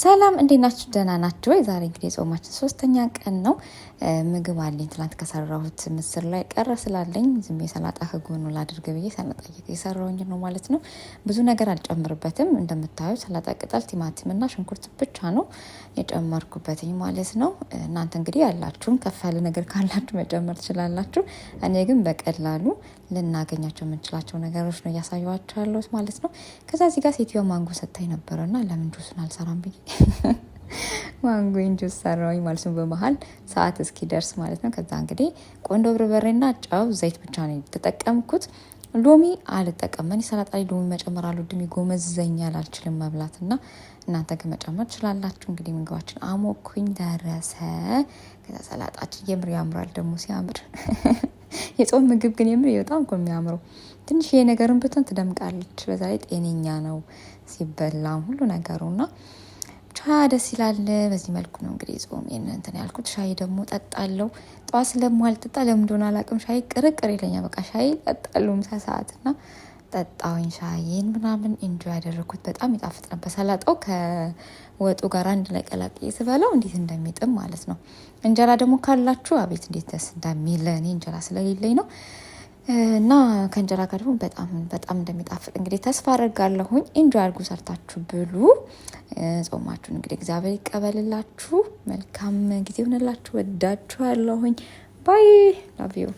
ሰላም እንዴት ናችሁ? ደህና ናችሁ ወይ? ዛሬ እንግዲህ የጾማችን ሶስተኛ ቀን ነው። ምግብ አለኝ ትናንት ከሰራሁት ምስር ላይ ቀረ ስላለኝ ዝም ሰላጣ ከጎኑ ላድርግ ብዬ ሰላጣ የሰራውኝ ነው ማለት ነው። ብዙ ነገር አልጨምርበትም። እንደምታዩ ሰላጣ ቅጠል፣ ቲማቲም ቲማቲምና ሽንኩርት ብቻ ነው የጨመርኩበትኝ ማለት ነው። እናንተ እንግዲህ ያላችሁም ከፍ ያለ ነገር ካላችሁ መጨመር ትችላላችሁ። እኔ ግን በቀላሉ ልናገኛቸው የምንችላቸው ነገሮች ነው እያሳየኋቸው ያለሁት ማለት ነው። ከዛ እዚህ ጋር ሴትዮዋ ማንጎ ሰጥታኝ ነበረና ለምን ጁሱን አልሰራም ብዬ ማንጎን ጁስ ሰራሁኝ ማለት ነው። በመሀል ሰዓት እስኪደርስ ማለት ነው። ከዛ እንግዲህ ቆንዶ በርበሬና ጨው፣ ዘይት ብቻ ነው የተጠቀምኩት። ሎሚ አልጠቀም። እኔ ሰላጣ ላይ ሎሚ መጨመር አልወድም፣ ይጎመዘኛል፣ አልችልም መብላት እና እናንተ ግን መጨመር ትችላላችሁ። እንግዲህ ምግባችን አሞኩኝ ደረሰ። ከዛ ሰላጣችን የምር ያምራል ደግሞ ሲያምር የጾም ምግብ ግን የምር በጣም እኮ የሚያምረው ትንሽ ይሄ ነገርን ብትን ትደምቃለች። በዛ ላይ ጤነኛ ነው ሲበላም ሁሉ ነገሩ ነገሩና ደስ ይላል። በዚህ መልኩ ነው እንግዲህ ጾም እንትን ያልኩት። ሻይ ደግሞ ጠጣለው። ጠዋት ስለማልጠጣ ለምን እንደሆነ አላውቅም። ሻይ ቅርቅር ይለኛ። በቃ ሻይ ጠጣለሁ ምሳ ሰዓት እና ጠጣውኝ ሻይን ምናምን ኢንጆ ያደረግኩት በጣም ይጣፍጥ ነበር። ሰላጣው ከወጡ ጋር አንድ ላይ ቀላቅዬ ስበላው እንዴት እንደሚጥም ማለት ነው። እንጀራ ደግሞ ካላችሁ አቤት እንዴት ደስ እንደሚል እኔ እንጀራ ስለሌለኝ ነው። እና ከእንጀራ ጋር ደግሞ በጣም በጣም እንደሚጣፍጥ እንግዲህ ተስፋ አደርጋለሁኝ። ኢንጆ አድርጉ፣ ሰርታችሁ ብሉ። ጾማችሁን እንግዲህ እግዚአብሔር ይቀበልላችሁ። መልካም ጊዜ ሆነላችሁ። ወዳችኋለሁኝ። ባይ ላቭ ዩ